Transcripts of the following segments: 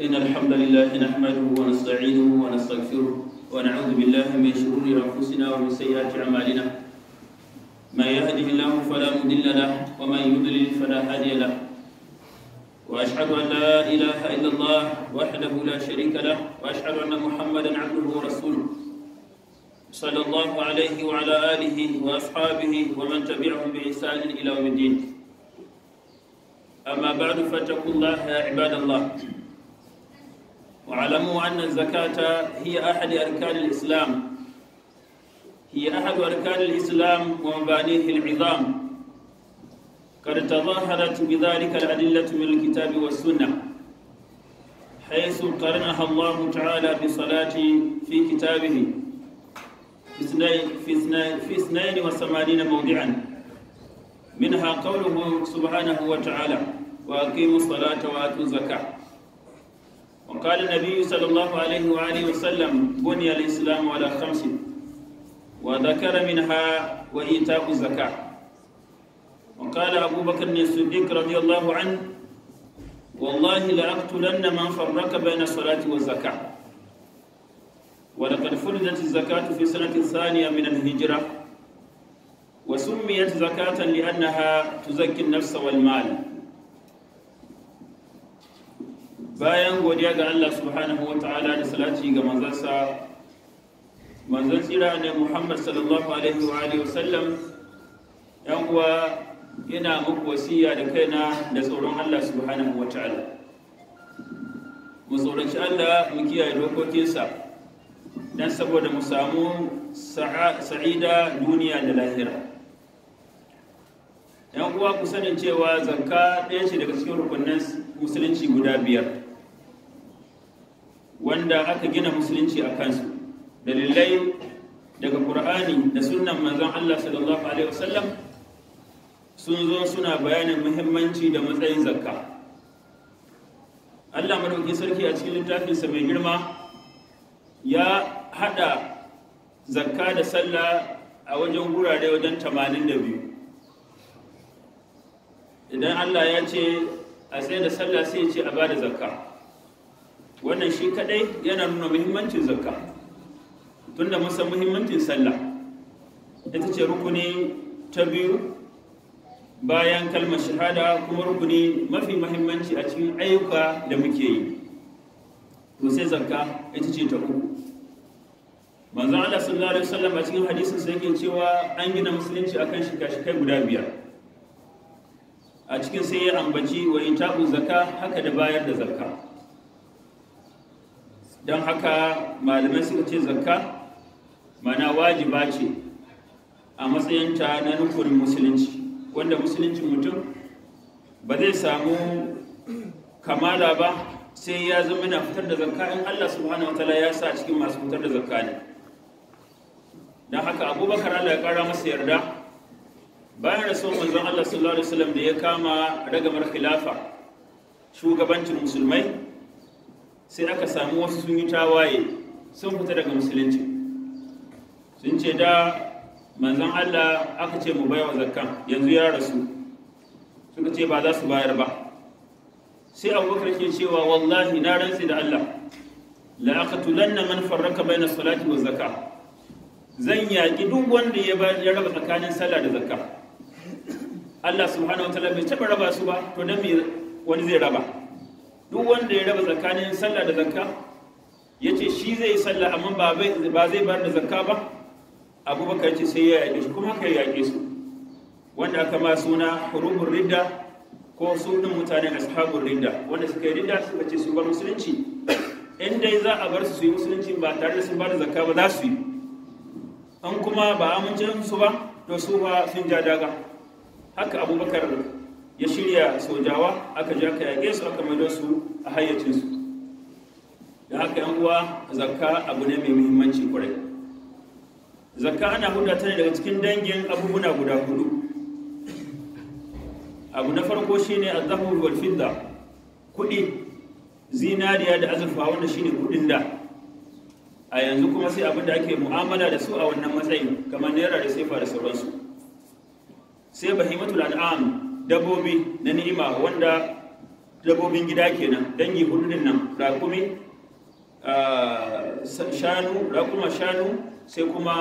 إن الحمد لله نحمده ونستعينه ونستغفره ونعوذ بالله من شرور أنفسنا ومن سيئات أعمالنا من يهده الله فلا مضل له ومن يضلل فلا هادي له وأشهد أن لا إله إلا الله وحده لا شريك له وأشهد أن محمدا عبده ورسوله صلى الله عليه وعلى آله وأصحابه ومن تبعهم بإحسان إلى يوم الدين أما بعد فاتقوا الله يا عباد الله واعلموا أن الزكاة هي أحد أركان الإسلام هي أحد أركان الإسلام ومبانيه العظام قد تظاهرت بذلك الأدلة من الكتاب والسنة حيث قرنها الله تعالى بصلاة في كتابه في اثنين في اثنين وثمانين موضعا منها قوله سبحانه وتعالى وأقيموا الصلاة وآتوا الزكاة قال النبي صلى الله عليه وآله وسلم بني الإسلام على خمس وذكر منها وإيتاء الزكاة وقال أبو بكر الصديق رضي الله عنه والله لأقتلن من فرق بين الصلاة والزكاة ولقد فرضت الزكاة في السنة الثانية من الهجرة وسميت زكاة لأنها تزكي النفس والمال bayan godiya ga Allah subhanahu wa ta'ala da salati ga manzansa manzan tsira ne Muhammad sallallahu alaihi wa alihi wasallam yan uwa ina muku wasiya da kaina da tsoron Allah subhanahu wa ta'ala mu tsoranci Allah mu kiyaye dokokinsa dan saboda mu samu sa'ida duniya da lahira yan uwa ku sanin cewa zakka ɗaya ce daga cikin rukunin musulunci guda biyar wanda aka gina musulunci a kansu dalilai daga ƙur'ani da sunan manzon Allah sallallahu alaihi wasallam sun zo suna bayanin muhimmanci da matsayin zakka Allah maɗauki sarki a cikin littafinsa mai girma ya haɗa zakka da sallah a wajen wurare wajen biyu. idan Allah ya ce a tsaye da sallah sai ya ce a bada zakka wannan shi kadai yana nuna muhimmancin zakka tunda mun san muhimmancin sallah ita ce rukuni ta biyu bayan kalmar shahada kuma rukuni mafi muhimmanci a cikin ayyuka da muke yi to sai zakka ita ce ta uku manzo Allah sallallahu alaihi wasallam a cikin hadisin sai yake cewa an gina musulunci akan shika-shikai guda biyar a cikin sai ya ambaci wa itabu zakka haka da bayar da zakka don haka malamai suka ce zakka mana wajiba ce a matsayinta na nufurin musulunci wanda musuluncin mutum ba zai samu kamala ba sai ya zama na fitar da zakka in Allah subhanahu ta'ala ya sa cikin masu fitar da zakka ne don haka abubakar Allah ya kara masa yarda bayan rasuwan manzon Allah sallallahu alaihi wasallam da ya kama ragamar khilafa shugabancin musulmai sai aka samu wasu sun yi tawaye sun fita daga musulunci sun ce da manzan Allah aka ce mu baiwa zakkan yanzu ya rasu suka ce ba za su bayar ba sai abubakar ke cewa wallahi na rantsi da Allah la manufar man farraka na salati wa zakka zan yaki duk wanda ya raba tsakanin sallah da zakka Allah subhanahu wa ta'ala bai taba raba su ba to dan me wani zai raba duk wanda ya raba tsakanin sallah da zakka ya ce shi zai sallah amma ba zai bar da zakka ba abubakar ce sai ya yaƙe shi kuma ka yaƙe su wanda aka ma suna hurubun ridda ko su ɗin mutanen ashabun ridda wanda suka yi ridda suka ce su bar musulunci in dai za a bar su su yi musulunci ba tare da sun bar da zakka ba za su yi an kuma ba amincin su ba to su ba sun ja daga haka abubakar ya shirya sojawa aka ji aka yage su aka maido su a hayyacinsu da haka yan uwa zakka abu ne mai muhimmanci kwarai zakka ana huda ta ne daga cikin dangin abubuwa guda hudu abu na farko shine azahur wal fidda kudi zinariya da azurfa wanda shine kudin da a yanzu kuma sai abin da ake mu'amala da su a wannan matsayin kamar naira da sefa da sauransu sai bahimatul an'am dabbobi na ni'ima wanda dabbobin gida kenan dangi hudu din nan rakumi shanu rakuma shanu sai kuma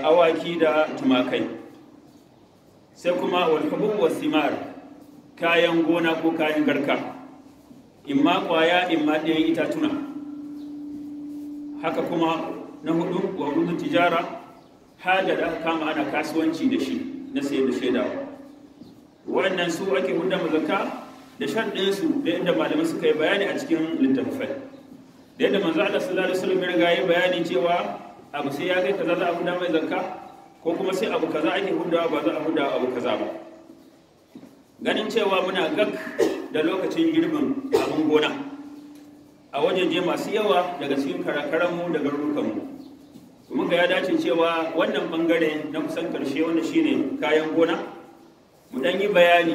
awaki da tumakai sai kuma walfabun wasimar kayan gona ko kayan garka imma kwaya imma ita itatuna haka kuma na hudu wa tijara haja da kama ana kasuwanci da shi na sayar da shaidawa waɗannan su ake hudda zakka da sharɗinsu da yadda malamai suka yi bayani a cikin littattafai da yadda manzo Allah sallallahu alaihi wasallam ya bayani cewa abu sai ya kai kaza za a hudda mai zakka ko kuma sai abu kaza ake huddawa ba za a hudda abu kaza ba ganin cewa muna gak da lokacin girbin abin gona a wajen je masu yawa daga cikin karakaranmu da garurukanmu kuma ga ya dace cewa wannan bangare na kusan karshe wanda shine kayan gona mu dan yi bayani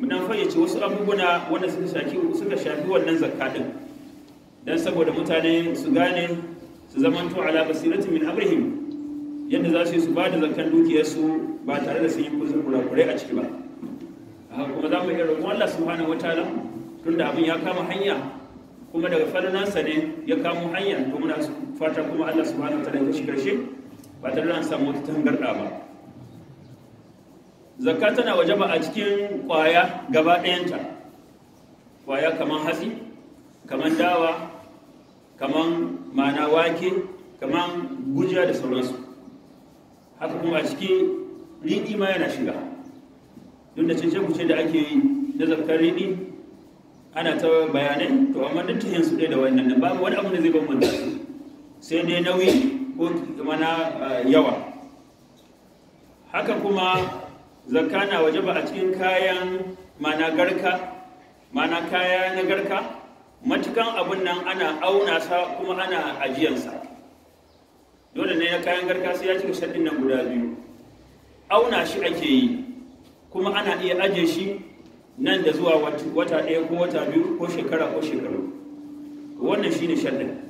mu dan fayyace wasu abubuwa wanda suka shafi suka shafi wannan zakka dan saboda mutane su gane su zamanto ala basiratin min abrahim yadda za su yi su ba da zakkan dukiyarsu ba tare da sun yi kurakurai a ciki ba kuma za mu iya roƙon Allah subhanahu wataala tunda abin ya kama hanya kuma daga fadlansa ne ya kamo hanya to muna fata kuma Allah subhanahu wataala ya kashi karshe ba tare da an samu wata tangarda ba zakka tana wajaba a cikin kwaya gaba ɗayanta kwaya kamar hatsi kamar dawa kamar mana wake kamar gujiya da sauransu haka kuma a cikin riɗi ma yana shiga don da cin kuce da ake yi na zakkar riɗi ana ta bayanai to amma duk tafiyan su ɗaya da wannan nan babu wani abu da zai bambanta su sai dai nauyi ko mana ah, yawa haka kuma zakka na waje ba a cikin kayan mana garka mana kaya na garka matukan abun nan ana auna sa kuma ana ajiyansa dole ne na kayan garka sai ya cika shaɗin nan guda biyu auna shi ake yi kuma ana iya aje shi nan da zuwa wata ɗaya ko wata biyu ko shekara ko shekaru wannan shine shaɗin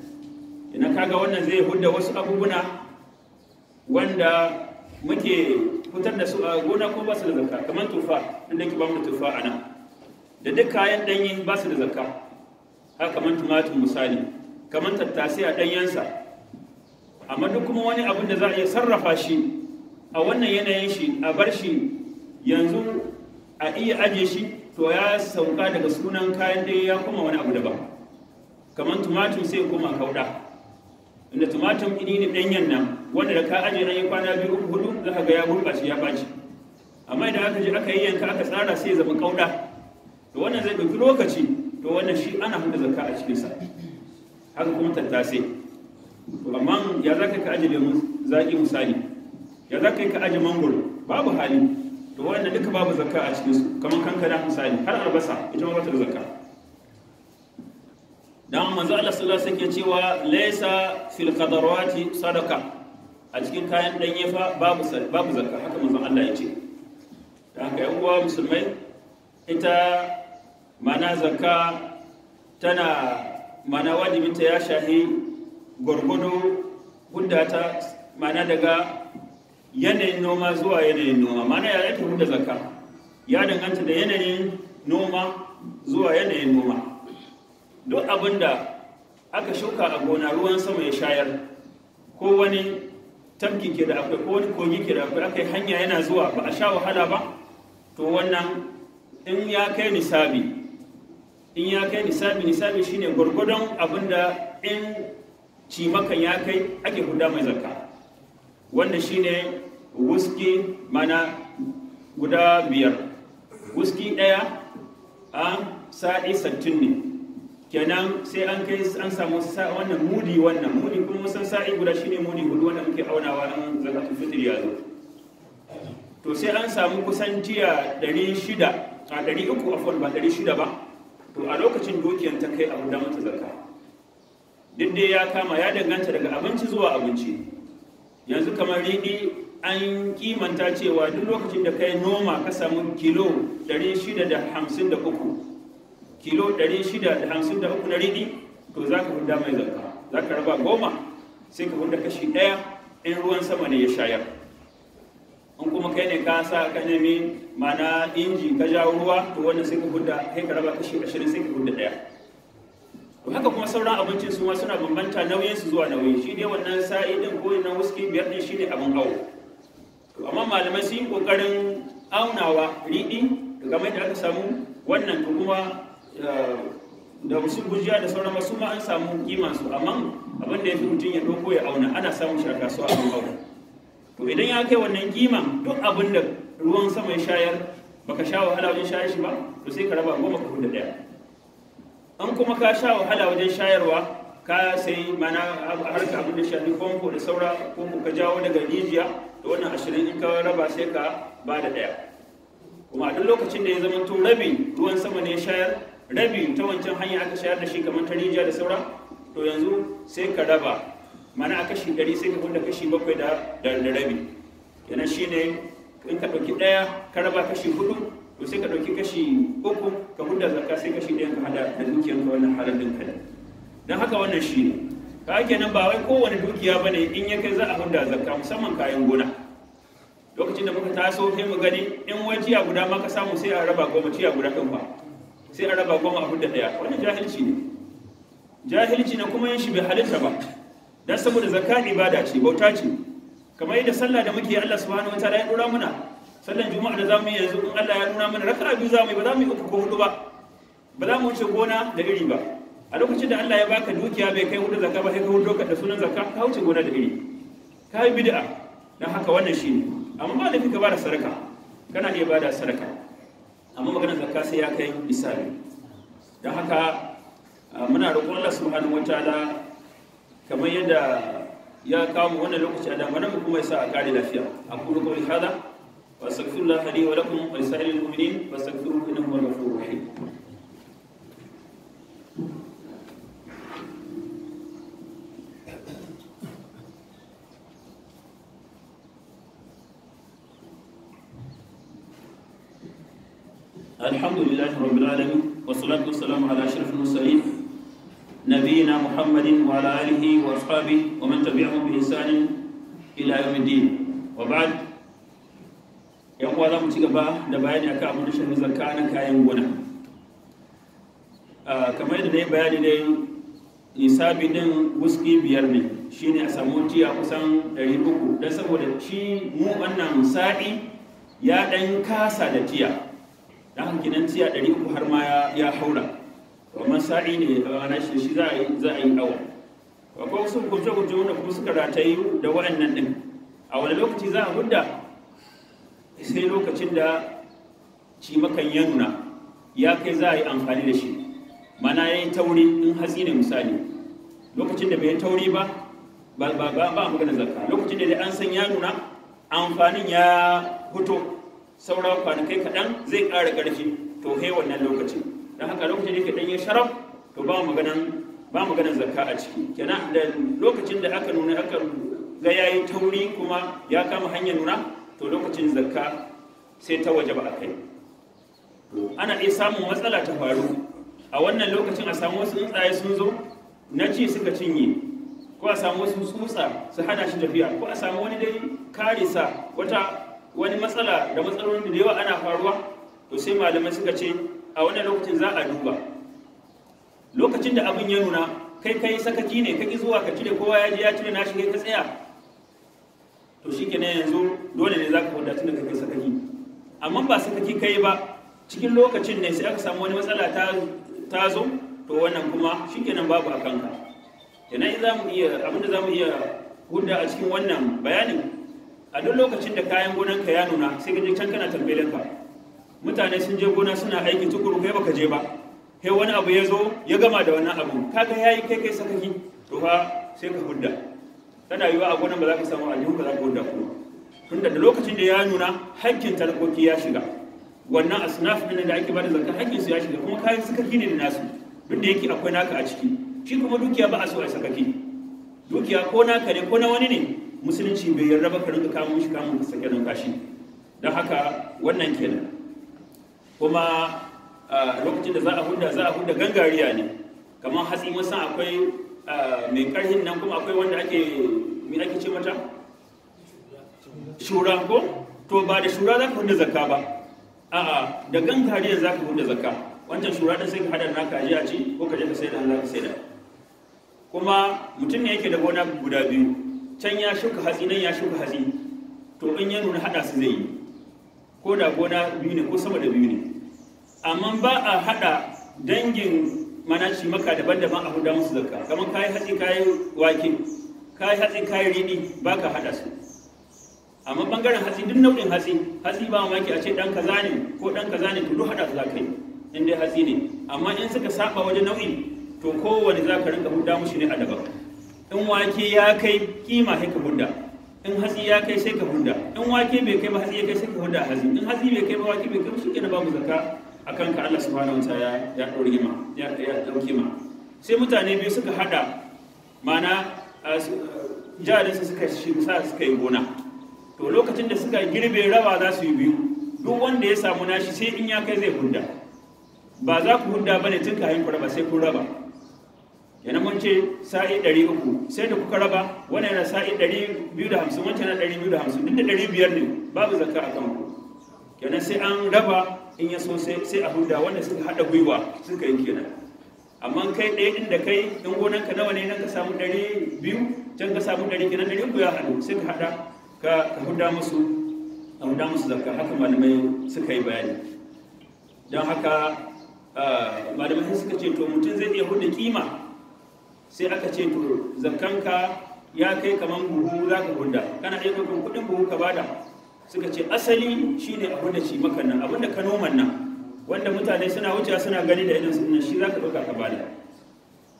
ina kaga wannan zai hudda wasu abubuna wanda muke fitar da su a gona ko ba su da zakka kamar tufa inda ke ba mu tufa a nan da duk kayan ɗanye ba su da zakka haka kamar tumatir misali kamar tattasai a ɗanyensa amma duk kuma wani abin da za a iya sarrafa shi a wannan yanayin shi a bar shi yanzu a iya ajiye shi to ya sauka daga sunan kayan ɗaya ya koma wani abu daban kamar tumatir sai koma kauda inda tumatir ini ne ɗanyen nan wanda da ka ajiye na yi kwana biyu uku hudu za ka ga ya gurɓace ya ɓaci amma idan aka je aka yi yanka aka tsara sai zama kauda to wannan zai ɗauki lokaci to wannan shi ana haɗa zakka a cikinsa haka kuma tattasai to amma ya za ka aje lemun zaƙi misali ya za ka aje mangoro babu hali to wannan duka babu zakka a cikinsu kamar kankana misali har albasa ita ma bata da zakka dan manzo Allah sallallahu alaihi wasallam cewa laysa fil qadarati sadaka a cikin kayan danye fa babu babu zakka haka manzo Allah ya ce da haka yan uwa musulmai ita mana zakka tana mana ta ya shahi gwargwado gudata mana daga yanayin noma zuwa yanayin noma mana ya ta da zakka ya danganta da yanayin noma zuwa yanayin noma duk abin da aka shuka a gona ruwan sama ya shayar ko wani tafki ke da akwai ko wani kogi ke da akwai aka yi hanya yana zuwa ba a sha wahala ba to wannan in ya kai nisabi in ya kai nisabi nisabi shine gwargwadon abin da in cimakan ya kai ake guda mai zakka wanda shine wuski mana guda biyar wuski ɗaya a ah, sa'i sattin ne kenan sai an kai an samu wannan mudi wannan mudi kuma sun sa'i guda shine mudi hudu wanda muke aunawa an zakatul fitr ya zo to sai an samu kusan jiya 600 a 300 fon ba 600 ba to a lokacin dukiyar ta kai a da mata zakka duk dai ya kama ya danganta daga abinci zuwa abinci yanzu kamar riɗi an kimanta cewa duk lokacin da kai noma ka samu kilo 653 kilo 653 na riɗi to za ka hudda mai zanka za ka raba goma sai ka hudda kashi ɗaya in ruwan sama ne ya shayar in kuma kai ne ka sa ka nemi mana inji ka jawo ruwa to wannan sai ka hudda kai ka raba kashi ashirin sai ka hudda ɗaya to haka kuma sauran abincin su ma suna bambanta nauyin su zuwa nauyi shi ne wannan sa'i din ko na whisky biyar din shine abin hawo to amma malamai sun yi kokarin aunawa riɗi kamar da aka samu wannan to kuma da wasu gujiya da sauran masu ma an samu kiman su amma abin da ya fi mutum ya ɗauko ya auna ana samun shi a kasuwa a auna to idan ya kai wannan kima duk abin da ruwan sama ya shayar baka sha wahala wajen shayar shi ba to sai ka raba goma ka hudu ɗaya an kuma ka sha wahala wajen shayarwa ka sai mana harka abin da shafi famfo da saura ko ka jawo daga rijiya da wannan ashirin in ka raba sai ka ba da ɗaya kuma a duk lokacin da ya zama to rabin ruwan sama ne ya shayar rabi ta wancan hanya aka shayar da shi kamar ta da saura to yanzu sai ka raba mana a kashi ɗari sai ka wanda kashi bakwai da da rabi yana shi ne in ka ɗauki ɗaya ka raba kashi hudu to sai ka ɗauki kashi uku ka hudda zakka sai kashi ɗaya ka hada da dukiyar ka wannan halar ɗin kada don haka wannan shi ne ka ake nan ba wai kowane dukiya ba ne in ya kai za a hudda zakka musamman kayan gona lokacin da muka taso sai mu gani in wajiya guda ma ka samu sai a raba goma ciya guda kan ba sai a raba goma abu da ɗaya wani jahilci ne jahilci na kuma yin shi bai halitta ba don saboda zakka ibada ce bauta ce kamar da sallah da muke Allah subhanahu wataala ya dora muna sallan juma'a da zamu yi yanzu in Allah ya nuna mana raka'a biyu zamu yi ba zamu yi uku ko hudu ba ba za mu wuce gona da iri ba a lokacin da Allah ya baka dukiya bai kai hudu zakka ba sai ka hudu da sunan zakka ka wuce gona da iri ka yi bid'a dan haka wannan shine amma ba da fika ba da sadaka kana da ibada sadaka amma maganar zakka sai ya kai misali don haka muna roƙon Allah subhanahu wataala kamar yadda ya kawo wannan lokaci a damanar mu kuma yasa a kare lafiya aqulu qawli hadha wa astaghfirullah li wa lakum wa lisa'ilil mu'minin wa astaghfiruhu innahu huwal ghafurur rahim والسلام على أشرف المرسلين نبينا محمد وعلى آله وأصحابه ومن تبعهم بإحسان إلى يوم الدين وبعد yan uwa za mu ci gaba da bayani akan abin da shafi zakka kayan gona kamar da na yi bayani dai din wuski biyar ne ne a samu tiya kusan 300 don saboda shi mu wannan sa'i ya ɗan kasa da tiya da hankinan tsiya ɗari uku har ma ya haura kamar sa'i ne a ranar shi shi za a yi awa akwai wasu gurje-gurje wanda kuma suka ratayi da waɗannan ɗin a wani lokaci za a gudda sai lokacin da ci makan ya ya kai za a yi amfani da shi mana ya yi tauri in hatsi ne misali lokacin da bai tauri ba ba ba ba magana zakka lokacin da an san ya nuna amfanin ya fito sauran kwanakai kaɗan zai ƙara ƙarfi to he wannan lokacin don haka lokacin da ke ɗanyen sharaf to ba mu ba maganan a ciki kenan da lokacin da aka nuna aka ga yayi tauri kuma ya kama hanyar nuna to lokacin zakka sai ta waje ba a kai ana iya samun matsala ta faru a wannan lokacin a samu wasu tsaye sun zo na ci suka cinye ko a samu wasu tsutsa su hana shi tafiya ko a samu wani dai karisa wata wani matsala da matsalolin da yawa ana faruwa to sai malamai suka ce a wannan lokacin za a duba lokacin da abin ya nuna kai kai sakaki ne kaki zuwa ka cire kowa ya ji ya cire nashi kai ka tsaya to shi kenan yanzu dole ne za ka kwanta tun da kai sakaki. amma ba sakaki kai ba cikin lokacin ne sai aka samu wani matsala ta zo to wannan kuma shi kenan babu a kanka kenan za mu iya abinda za mu iya hudda a cikin wannan bayanin a duk lokacin da kayan gonan ka ya nuna sai ka je can kana tambayar ka mutane sun je gona suna aiki tukuru kai baka je ba kai wani abu ya zo ya gama da wannan abu kaga yayi kai kai sakaki to fa sai ka hudda tana yiwa a gonan ba za ka samu aljihu ba za ka hudda kuma tunda da lokacin da ya nuna hakkin talakoki ya shiga wannan asnaf din da ake bada zakka hakkin su ya shiga kuma kayan sakaki ne nasu duk da yake akwai naka a ciki shi kuma dukiya ba a so a sakaki dukiya ko naka ne ko na wani ne musulunci bai yarda ba ka rinka kamo shi kamun ka sake numfashi don haka wannan kenan kuma lokacin da za a huda za a huda gangariya ne kamar hatsi mun san akwai mai karhin nan kuma akwai wanda ake me ake ce mata shura ko to ba da shura za ka huda zakka ba a'a da gangariya za ka huda zakka wancan shura din sai ka hada naka kaji a ce ko ka je ka sai da za ka sai da kuma mutum ne yake da gona guda biyu can ya shuka hatsi nan ya shuka hatsi to in ya nuna hada su zai yi ko da gona biyu ne ko sama da biyu ne amma ba a haɗa dangin manaci maka daban-daban a huda musu zakka kamar kayi hatsi kayi wake kayi hatsi kayi riɗi ba ka haɗa su amma bangaren hatsi duk nau'in hatsi hatsi ba ke a ce ɗan kaza ne ko ɗan kaza ne to duk hada su za ka yi in dai hatsi ne amma in suka saba wajen nau'in to kowane za ka rinka huda shi ne a daban in wake ya kai kima sai ka hudda in hatsi ya kai sai ka hudda in wake bai kai ba hatsi ya kai sai ka hudda hatsi in hatsi bai kai ba wake bai kai ba da babu zakka akan ka Allah subhanahu wa ta'ala ya dauki ma ya ya dauki ma sai mutane biyu suka hada mana jarin su suka shi sa suka yi gona to lokacin da suka girbe raba za su yi biyu duk wanda ya samu nashi sai in ya kai zai hudda ba za ku hudda bane tun ka ku raba sai ku raba yana mun ce sa'i 300 sai da kuka raba wannan yana sa'i 250 wancan yana 250 duk da 500 ne babu zakka a kanku kenan sai an raba in ya so sai a huda wanda suka haɗa gwiwa suka yi kenan amma kai ɗaya ɗin da kai in gonan ka nawa ne nan ka samu ɗari biyu can ka samu ɗari kenan ɗari uku ya haɗu sai ka haɗa ka huda musu a huda musu zakka haka malamai suka yi bayani don haka ah, malamai suka ce to mutum zai iya huda kima sai aka ce to zakanka ya kai kaman buhu za ka gunda kana iya ɗaukan kuɗin buhu ka bada suka ce asali shine abin da shi maka nan abin da ka noman nan wanda mutane suna wuce suna gani da idan sunan shi za ka ɗauka ka bada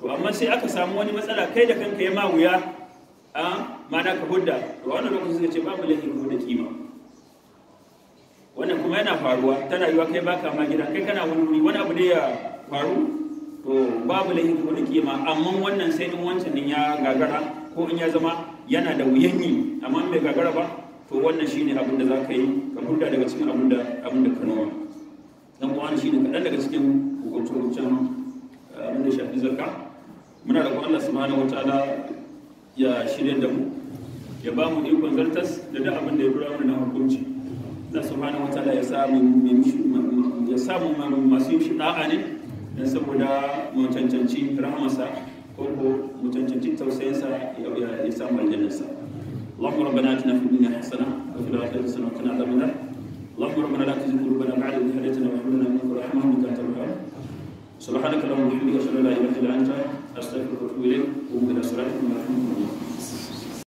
to amma sai aka samu wani matsala kai da kanka ya ma wuya a mana ka gunda to wannan lokacin suka ce ba mu ko da kima wannan kuma yana faruwa tana yiwa kai baka ma gida kai kana wani wuri wani abu da ya faru to babu laifi ko da kima amma wannan sai in wancan din ya gagara ko in ya zama yana da wuyan yi amma bai gagara ba to wannan shine abin da za ka yi ka huda daga cikin abin da abin da ka nawa dan kuma shine kadan daga cikin hukuncin hukuncin eh, abin da shafi zakka muna da Allah subhanahu wataala ya shirya da mu ya ba mu ikon zartas da duk abin da ya dora mana na hukunci Allah subhanahu wataala ya samu ya samu masu yin da'a ne don saboda mu cancanci rahamarsa ko ko mu cancanci tausayinsa ya samu aljannarsa اللهم ربنا اتنا في الدنيا حسنه وفي الاخره حسنه وقنا عذاب النار اللهم ربنا لا تزغ قلوبنا بعد إذ هديتنا وهب لنا من لدنك رحمه انك انت الوهاب سبحانك اللهم وبحمدك اشهد ان لا اله الا انت استغفرك واتوب اليك وقوم الى صلاتكم ورحمه الله